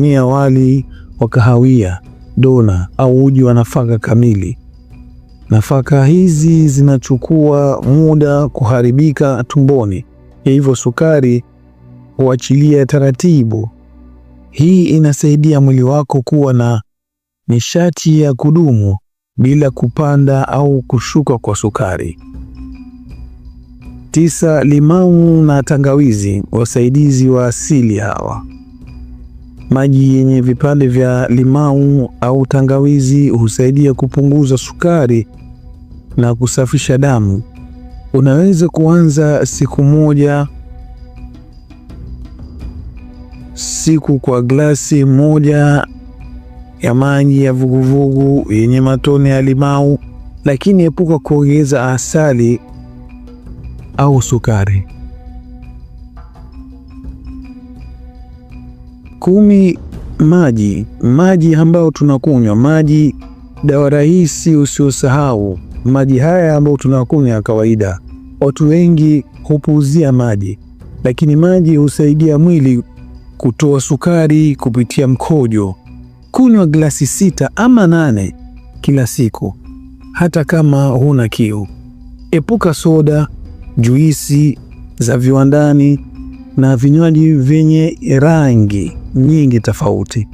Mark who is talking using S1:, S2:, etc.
S1: tumia wali wa kahawia, dona au uji wa nafaka kamili. Nafaka hizi zinachukua muda kuharibika tumboni, hivyo sukari huachilia taratibu. Hii inasaidia mwili wako kuwa na nishati ya kudumu bila kupanda au kushuka kwa sukari. Tisa, limau na tangawizi, wasaidizi wa asili hawa. Maji yenye vipande vya limau au tangawizi husaidia kupunguza sukari na kusafisha damu. Unaweza kuanza siku moja siku kwa glasi moja ya maji ya vuguvugu yenye matone ya limau, lakini epuka kuongeza asali au sukari.
S2: Kumi, maji. Maji ambayo tunakunywa, maji dawa rahisi usiosahau. Maji haya ambayo tunakunywa ya kawaida, watu wengi hupuuzia maji, lakini maji husaidia mwili kutoa sukari kupitia mkojo. Kunywa glasi sita ama nane kila siku, hata kama huna kiu. Epuka soda, juisi za viwandani na vinywaji vyenye rangi nyingi tofauti.